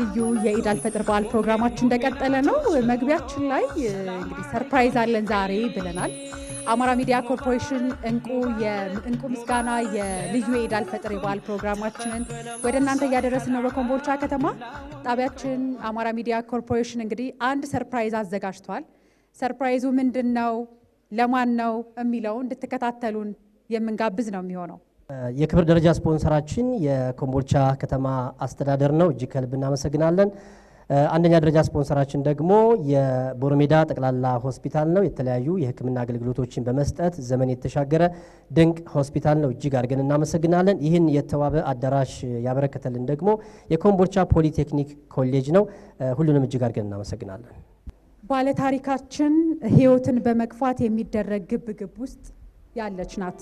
ልዩ የኢድ አልፈጥር በዓል ፕሮግራማችን እንደቀጠለ ነው። መግቢያችን ላይ እንግዲህ ሰርፕራይዝ አለን ዛሬ ብለናል። አማራ ሚዲያ ኮርፖሬሽን እንቁ የእንቁ ምስጋና የልዩ የኢድ አልፈጥር የበዓል ፕሮግራማችንን ወደ እናንተ እያደረስን ነው። በኮምቦልቻ ከተማ ጣቢያችን አማራ ሚዲያ ኮርፖሬሽን እንግዲህ አንድ ሰርፕራይዝ አዘጋጅቷል። ሰርፕራይዙ ምንድን ነው፣ ለማን ነው የሚለው እንድትከታተሉን የምንጋብዝ ነው የሚሆነው የክብር ደረጃ ስፖንሰራችን የኮምቦልቻ ከተማ አስተዳደር ነው። እጅግ ከልብ እናመሰግናለን። አንደኛ ደረጃ ስፖንሰራችን ደግሞ የቦሮሜዳ ጠቅላላ ሆስፒታል ነው። የተለያዩ የሕክምና አገልግሎቶችን በመስጠት ዘመን የተሻገረ ድንቅ ሆስፒታል ነው። እጅግ አድርገን እናመሰግናለን። ይህን የተዋበ አዳራሽ ያበረከተልን ደግሞ የኮምቦልቻ ፖሊቴክኒክ ኮሌጅ ነው። ሁሉንም እጅግ አድርገን እናመሰግናለን። ባለታሪካችን ሕይወትን በመግፋት የሚደረግ ግብግብ ውስጥ ያለች ናት።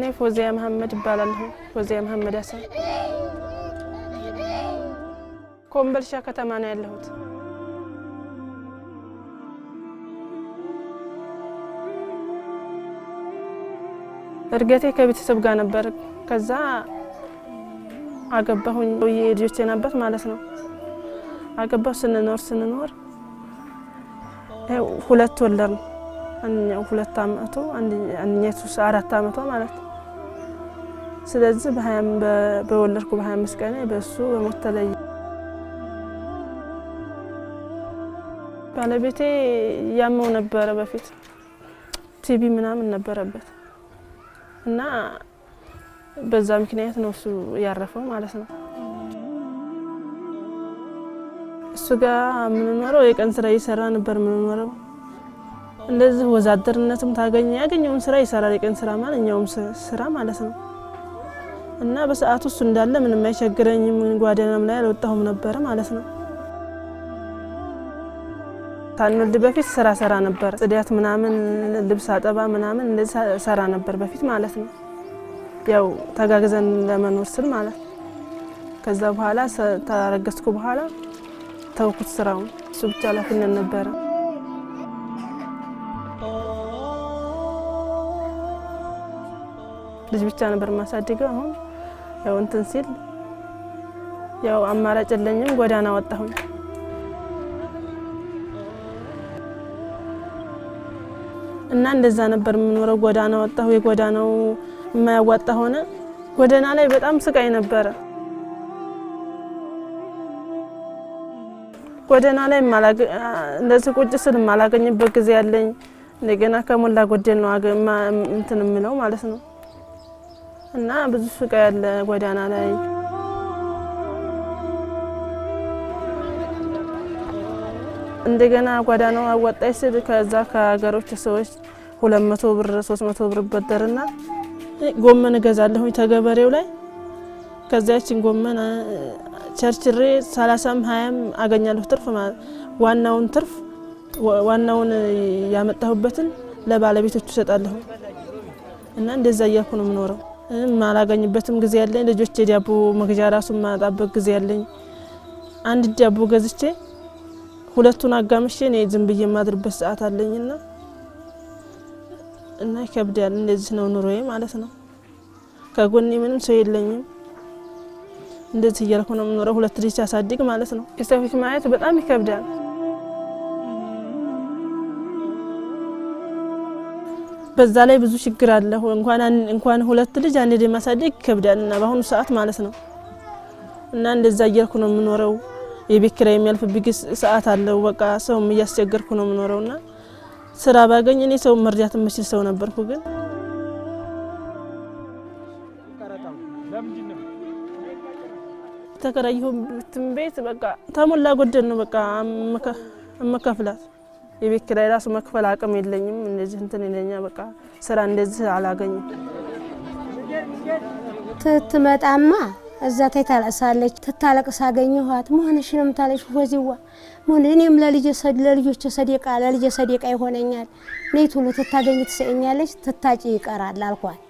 እኔ ፎዚያ መሐመድ እባላለሁ። ፎዚያ መሐመድ ሀሰን ኮምበልሻ ከተማ ነው ያለሁት። እድገቴ ከቤተሰብ ጋር ነበር። ከዛ አገባሁኝ። የልጆቼ አባት ማለት ነው። አገባሁ። ስንኖር ስንኖር ሁለት ወለድ ነው። ሁለት አመቱ አንደኛቱ አራት አመቷ ማለት ነው። ስለዚህ በወለድኩ በ25 ቀን በእሱ በሞት ተለየ። ባለቤቴ ያመው ነበረ በፊት ቲቪ ምናምን ነበረበት እና በዛ ምክንያት ነው እሱ ያረፈው ማለት ነው። እሱ ጋር የምንኖረው የቀን ስራ እየሰራ ነበር የምንኖረው። እንደዚህ ወዛደርነትም ታገኘ ያገኘውን ስራ ይሰራል። የቀን ስራ ማንኛውም ስራ ማለት ነው። እና በሰዓቱ እሱ እንዳለ ምንም አይቸግረኝም። ጓደናም ላይ አልወጣሁም ነበር ማለት ነው። ሳንወልድ በፊት ስራ ሰራ ነበር። ጽዳት ምናምን፣ ልብስ አጠባ ምናምን እንደዚህ ሰራ ነበር በፊት ማለት ነው። ያው ተጋግዘን ለመኖር ስል ማለት ነው። ከዛ በኋላ ተረገዝኩ በኋላ ተውኩት ስራውን። እሱ ብቻ ኃላፊነት ነበረ። ልጅ ብቻ ነበር የማሳድገው አሁን ያው እንትን ሲል ያው አማራጭ የለኝም፣ ጎዳና ወጣሁኝ። እና እንደዛ ነበር የምኖረው። ጎዳና ወጣሁ። የጎዳናው የማያዋጣ ሆነ። ጎዳና ላይ በጣም ስቃይ ነበረ። ጎዳና ላይ እንደዚህ ቁጭ ስል የማላገኝበት ጊዜ ያለኝ እንደገና ከሞላ ጎደል ነው እንትን የምለው ማለት ነው። እና ብዙ ሱቅ ያለ ጎዳና ላይ እንደገና ጎዳናው አዋጣኝ ስል ከዛ ከሀገሮች ሰዎች ሁለት መቶ ብር ሶስት መቶ ብር በደርና ጎመን እገዛለሁኝ ተገበሬው ላይ ከዚያችን ጎመን ቸርችሬ ሰላሳም ሀያም አገኛለሁ ትርፍ ዋናውን ትርፍ ዋናውን ያመጣሁበትን ለባለቤቶቹ እሰጣለሁ እና እንደዛ እያልኩ ነው የምኖረው። ማላገኝበትም ጊዜ ያለኝ ልጆቼ ዳቦ መግዣ ራሱ ማጣበት ጊዜ ያለኝ አንድ ዳቦ ገዝቼ ሁለቱን አጋምሼ እኔ ዝም ብዬ የማድርበት ሰዓት አለኝና እና ይከብዳል። እንደዚህ ነው ኑሮዬ ማለት ነው። ከጎኔ ምንም ሰው የለኝም። እንደዚህ እያልኩ ነው የምኖረው። ሁለት ልጅ ሳሳድግ ማለት ነው። የሰው ማየት በጣም ይከብዳል። በዛ ላይ ብዙ ችግር አለ። እንኳን ሁለት ልጅ አንድ ላይ ማሳደግ ይከብዳልና በአሁኑ ሰዓት ማለት ነው። እና እንደዛ እያልኩ ነው የምኖረው። የቤት ኪራይ የሚያልፍ ቢግ ሰዓት አለው። በቃ ሰውም እያስቸገርኩ ነው የምኖረውና ስራ ባገኝ እኔ ሰው መርዳት የምችል ሰው ነበርኩ ግን ተከራየሁበትን ቤት በቃ ተሞላ ጎደል ነው በቃ እመከፍላት የቤት ኪራይ ራሱ መክፈል አቅም የለኝም። እንደዚህ እንትን ይለኛ በቃ ስራ እንደዚህ አላገኝም። ትትመጣማ እዛ ታይ ታለቅሳለች። ትታለቅስ አገኘኋት መሆንሽ ነው ምታለች ወዚዋ ሆን እኔም ለልጆች ሰደቃ ለልጅ ሰደቃ ይሆነኛል። ነይ ቶሎ ትታገኝ ትሰኛለች ትታጭ ይቀራል አልኳት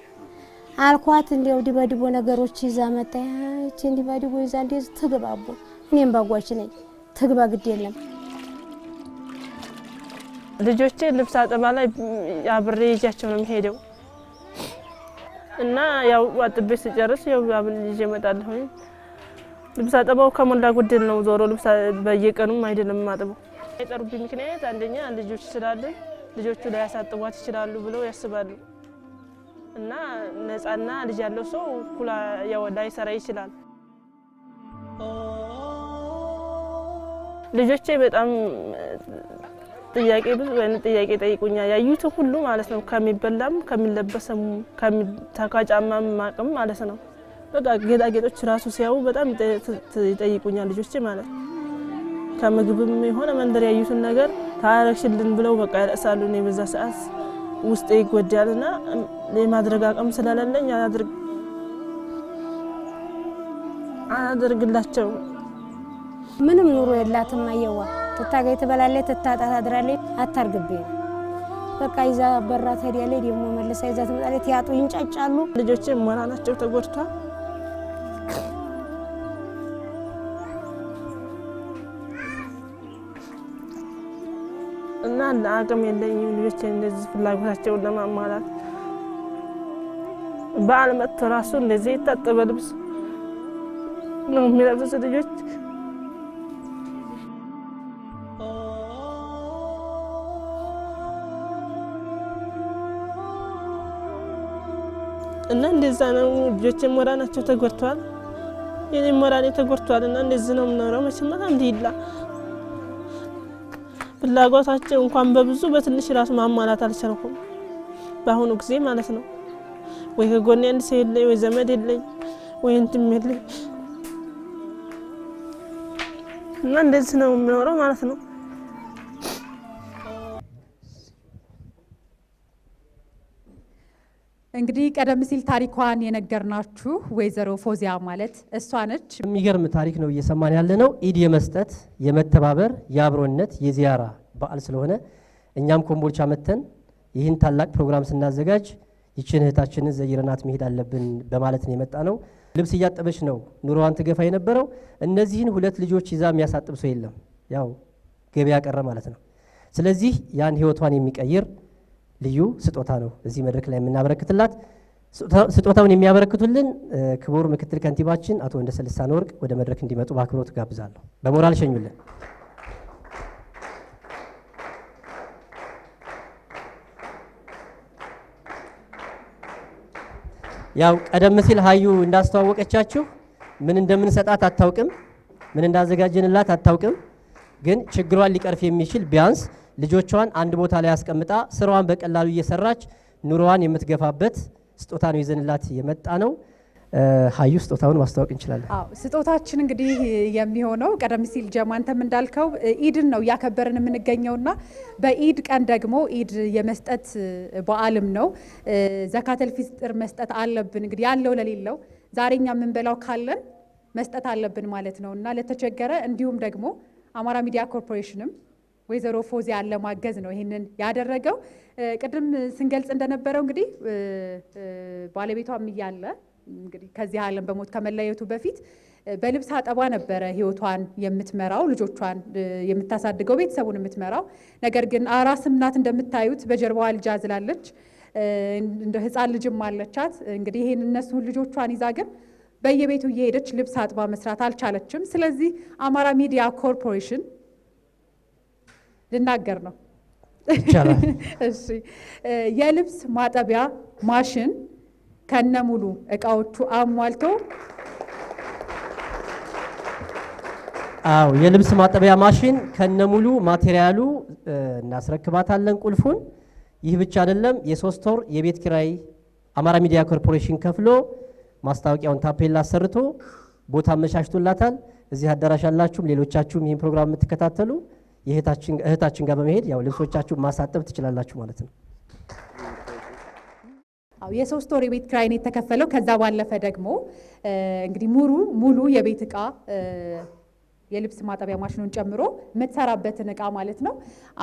አልኳት እንዲያው ዲባዲቦ ነገሮች ይዛ መጣች። እንዲባዲቦ ይዛ እንደዚህ ተገባቡ እኔም ባጓች ነኝ ትግባ ግድ የለም ልጆቼ ልብስ አጠባ ላይ አብሬ ይዣቸው ነው የሚሄደው እና ያው አጥቤ ስጨርስ ያው አብሬ ይዤ እመጣለሁ። ልብስ አጠባው ከሞላ ጎደል ነው ዞሮ ልብስ በየቀኑም አይደለም አጥበው። የጠሩብኝ ምክንያት አንደኛ ልጆች ስላሉኝ ልጆቹ ላይ ያሳጥቧት ይችላሉ ብለው ያስባሉ እና ነፃና ልጅ ያለው ሰው ኩላ ያው ላይሰራ ይችላል። ልጆቼ በጣም ጥያቄ ብዙ አይነት ጥያቄ ጠይቁኛል። ያዩት ሁሉ ማለት ነው ከሚበላም ከሚለበስም ከጫማም ማቅም ማለት ነው በቃ ጌጣጌጦች ራሱ ሲያዩ በጣም ይጠይቁኛል ልጆች ማለት ነው። ከምግብም የሆነ መንደር ያዩትን ነገር ታረክሽልን ብለው በቃ ያለቅሳሉ። እኔ በዛ ሰዓት ውስጤ እና የማድረግ አቅም ስለሌለኝ አላደርግላቸው ምንም ኑሮ የላትም አየዋ ትታገኝ ትበላለች፣ ትታጣ ታድራለች። አታርግብኝ በቃ ይዛ በራ ትሄዳለች። ደግሞ መለሳ ይዛ ትመጣለች። ያጡ ይንጫጫሉ። ልጆች ሞራ ናቸው ተጎድቷል። እና ለአቅም የለኝም ልጆች እንደዚህ ፍላጎታቸውን ለማሟላት በዓል መጥቶ ራሱ እንደዚህ የታጠበ ልብስ ነው የሚለብሱ ልጆች እና እንደዛ ነው። ልጆች ሞራናቸው ተጎድተዋል፣ የኔ ሞራኔ ተጎድተዋል። እና እንደዚህ ነው የምኖረው። መቼም ዲላ ፍላጎታቸው እንኳን በብዙ በትንሽ ራሱ ማሟላት አልቻልኩም፣ በአሁኑ ጊዜ ማለት ነው። ወይ ከጎኔ አንድ ሰው የለኝ፣ ወይ ዘመድ የለኝ፣ ወይ እንትም የለኝ እና እንደዚህ ነው የምኖረው ማለት ነው። እንግዲህ ቀደም ሲል ታሪኳን የነገርናችሁ ወይዘሮ ፎዚያ ማለት እሷ ነች። የሚገርም ታሪክ ነው እየሰማን ያለ ነው። ኢድ የመስጠት የመተባበር፣ የአብሮነት፣ የዚያራ በዓል ስለሆነ እኛም ኮምቦልቻ መተን ይህን ታላቅ ፕሮግራም ስናዘጋጅ ይችን እህታችንን ዘይረናት መሄድ አለብን በማለት ነው የመጣ ነው። ልብስ እያጠበች ነው ኑሮዋን ትገፋ የነበረው። እነዚህን ሁለት ልጆች ይዛ የሚያሳጥብ ሰው የለም፣ ያው ገበያ ቀረ ማለት ነው። ስለዚህ ያን ህይወቷን የሚቀይር ልዩ ስጦታ ነው እዚህ መድረክ ላይ የምናበረክትላት። ስጦታውን የሚያበረክቱልን ክቡር ምክትል ከንቲባችን አቶ ሰልሳን ወርቅ ወደ መድረክ እንዲመጡ በአክብሮት ጋብዛለሁ። በሞራል ሸኙልን። ያው ቀደም ሲል ሀዩ እንዳስተዋወቀቻችሁ ምን እንደምንሰጣት አታውቅም፣ ምን እንዳዘጋጀንላት አታውቅም። ግን ችግሯን ሊቀርፍ የሚችል ቢያንስ ልጆቿን አንድ ቦታ ላይ አስቀምጣ ስራዋን በቀላሉ እየሰራች ኑሮዋን የምትገፋበት ስጦታ ነው ይዘንላት የመጣ ነው። ሀዩ ስጦታውን ማስታወቅ እንችላለን። ስጦታችን እንግዲህ የሚሆነው ቀደም ሲል ጀማ አንተም እንዳልከው ኢድን ነው እያከበርን የምንገኘውና በኢድ ቀን ደግሞ ኢድ የመስጠት በዓልም ነው። ዘካተል ፊጥር መስጠት አለብን እንግዲህ ያለው ለሌለው ዛሬ እኛ የምንበላው ካለን መስጠት አለብን ማለት ነው እና ለተቸገረ እንዲሁም ደግሞ አማራ ሚዲያ ኮርፖሬሽንም ወይዘሮ ፎዚያን ለማገዝ ነው ይህንን ያደረገው። ቅድም ስንገልጽ እንደነበረው እንግዲህ ባለቤቷም እያለ እንግዲህ ከዚህ ዓለም በሞት ከመለየቱ በፊት በልብስ አጠባ ነበረ ህይወቷን የምትመራው ልጆቿን የምታሳድገው ቤተሰቡን የምትመራው። ነገር ግን አራስም ናት እንደምታዩት፣ በጀርባዋ ልጅ አዝላለች። እንደ ህፃን ልጅም አለቻት። እንግዲህ ይህን እነሱን ልጆቿን ይዛ ግን በየቤቱ እየሄደች ልብስ አጥባ መስራት አልቻለችም። ስለዚህ አማራ ሚዲያ ኮርፖሬሽን ልናገር ነው። እሺ የልብስ ማጠቢያ ማሽን ሙሉ እቃዎቹ አሟልቶ አዎ የልብስ ማጠቢያ ማሽን ከነሙሉ ማቴሪያሉ እናስረክባታለን ቁልፉን። ይህ ብቻ አይደለም፣ የሶስት ወር የቤት ኪራይ አማራ ሚዲያ ኮርፖሬሽን ከፍሎ ማስታወቂያውን ታፔላ አሰርቶ ቦታ አመቻችቶላታል። እዚህ አዳራሽ አላችሁም ሌሎቻችሁም ይህን ፕሮግራም የምትከታተሉ እህታችን ጋር በመሄድ ያው ልብሶቻችሁ ማሳጠብ ትችላላችሁ ማለት ነው። የሶስት ወር የቤት ክራይን የተከፈለው ከዛ ባለፈ ደግሞ እንግዲህ ሙሉ ሙሉ የቤት እቃ የልብስ ማጠቢያ ማሽኑን ጨምሮ የምትሰራበትን እቃ ማለት ነው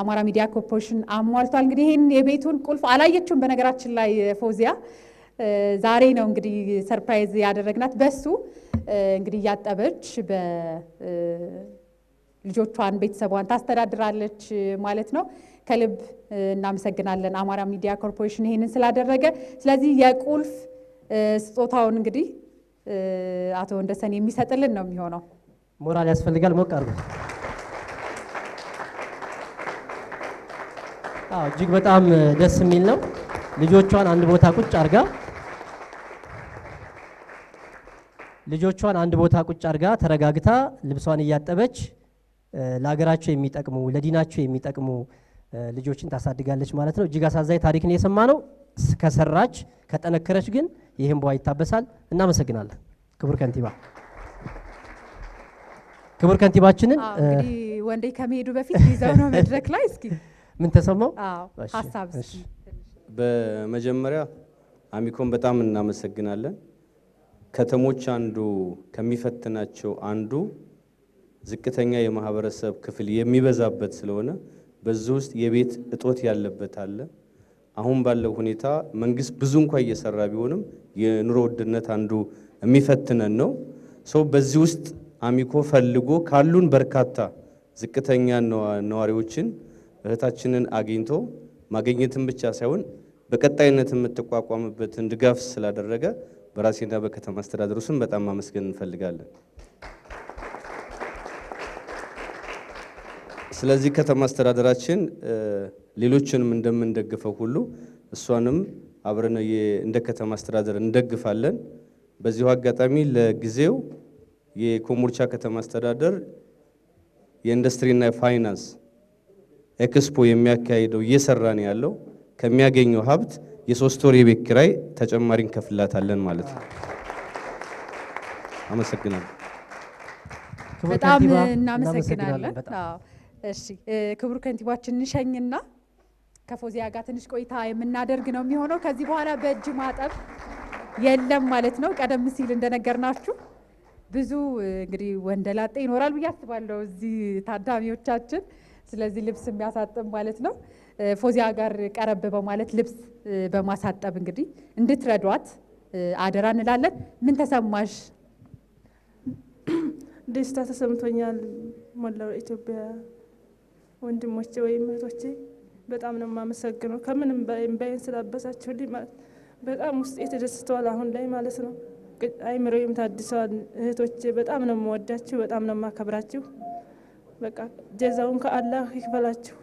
አማራ ሚዲያ ኮርፖሬሽን አሟልቷል። እንግዲህ ይህን የቤቱን ቁልፍ አላየችውም። በነገራችን ላይ ፎዚያ ዛሬ ነው እንግዲህ ሰርፕራይዝ ያደረግናት በሱ እንግዲህ እያጠበች ልጆቿን ቤተሰቧን ታስተዳድራለች ማለት ነው። ከልብ እናመሰግናለን አማራ ሚዲያ ኮርፖሬሽን ይሄንን ስላደረገ። ስለዚህ የቁልፍ ስጦታውን እንግዲህ አቶ ወንደሰን የሚሰጥልን ነው የሚሆነው። ሞራል ያስፈልጋል። ሞቅ አርጉ። እጅግ በጣም ደስ የሚል ነው። ልጆቿን አንድ ቦታ ቁጭ አርጋ ልጆቿን አንድ ቦታ ቁጭ አርጋ ተረጋግታ ልብሷን እያጠበች ለሀገራቸው የሚጠቅሙ ለዲናቸው የሚጠቅሙ ልጆችን ታሳድጋለች ማለት ነው። እጅግ አሳዛኝ ታሪክን የሰማ ነው። ከሰራች ከጠነከረች ግን ይህም በዋ ይታበሳል። እናመሰግናለን ክቡር ከንቲባ ክቡር ከንቲባችንን ወንዴ ከመሄዱ በፊት ይዘው ነው መድረክ ላይ እስኪ ምን ተሰማው ሀሳብ በመጀመሪያ አሚኮን በጣም እናመሰግናለን። ከተሞች አንዱ ከሚፈትናቸው አንዱ ዝቅተኛ የማህበረሰብ ክፍል የሚበዛበት ስለሆነ በዚህ ውስጥ የቤት እጦት ያለበት አለ። አሁን ባለው ሁኔታ መንግስት ብዙ እንኳ እየሰራ ቢሆንም የኑሮ ውድነት አንዱ የሚፈትነን ነው። ሰው በዚህ ውስጥ አሚኮ ፈልጎ ካሉን በርካታ ዝቅተኛ ነዋሪዎችን እህታችንን አግኝቶ ማግኘትን ብቻ ሳይሆን በቀጣይነት የምትቋቋምበትን ድጋፍ ስላደረገ በራሴና በከተማ አስተዳደሩ ስም በጣም ማመስገን እንፈልጋለን። ስለዚህ ከተማ አስተዳደራችን ሌሎችንም እንደምንደግፈው ሁሉ እሷንም አብረን እንደ ከተማ አስተዳደር እንደግፋለን። በዚሁ አጋጣሚ ለጊዜው የኮምቦልቻ ከተማ አስተዳደር የኢንዱስትሪና ፋይናንስ ኤክስፖ የሚያካሄደው እየሰራ ነው ያለው። ከሚያገኘው ሀብት የሶስት ወር የቤት ኪራይ ተጨማሪ እንከፍላታለን ማለት ነው። አመሰግናለሁ። በጣም እናመሰግናለን። እሺ ክቡር ከንቲባችን እንሸኝና ከፎዚያ ጋር ትንሽ ቆይታ የምናደርግ ነው የሚሆነው። ከዚህ በኋላ በእጅ ማጠብ የለም ማለት ነው። ቀደም ሲል እንደነገርናችሁ ብዙ እንግዲህ ወንደላጤ ይኖራል ብዬ አስባለሁ እዚህ ታዳሚዎቻችን። ስለዚህ ልብስ የሚያሳጥብ ማለት ነው ፎዚያ ጋር ቀረብ በማለት ልብስ በማሳጠብ እንግዲህ እንድትረዷት አደራ እንላለን። ምን ተሰማሽ? ደስታ ተሰምቶኛል። ሞላው ኢትዮጵያ ወንድሞቼ ወይም እህቶቼ በጣም ነው የማመሰግነው። ከምንም ባይን ስላበሳችሁልኝ ማለት በጣም ውስጤ ተደስተዋል አሁን ላይ ማለት ነው። አይምሮዬም ታድሰዋል። እህቶቼ በጣም ነው የምወዳችሁ፣ በጣም ነው የማከብራችሁ። በቃ ጀዛውን ከአላህ ይክፈላችሁ።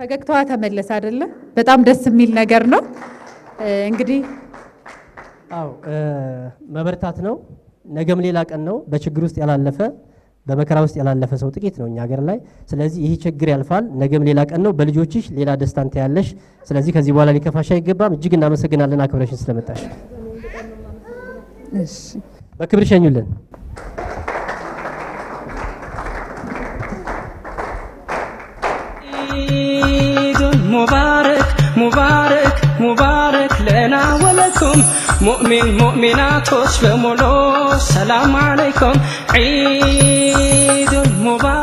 ፈገግታዋ ተመለሰ አይደለ? በጣም ደስ የሚል ነገር ነው። እንግዲህ አዎ መበርታት ነው። ነገም ሌላ ቀን ነው። በችግር ውስጥ ያላለፈ በመከራ ውስጥ ያላለፈ ሰው ጥቂት ነው እኛ ሀገር ላይ። ስለዚህ ይህ ችግር ያልፋል፣ ነገም ሌላ ቀን ነው፣ በልጆችሽ ሌላ ደስታን ታያለሽ። ስለዚህ ከዚህ በኋላ ሊከፋሽ አይገባም። እጅግ እናመሰግናለን አክብረሽን ስለመጣሽ። በክብር ሸኙልን። ሙእሚን ሙእሚናቶች በሙሉ ሰላም አለይኩም ዒዱል ሙባ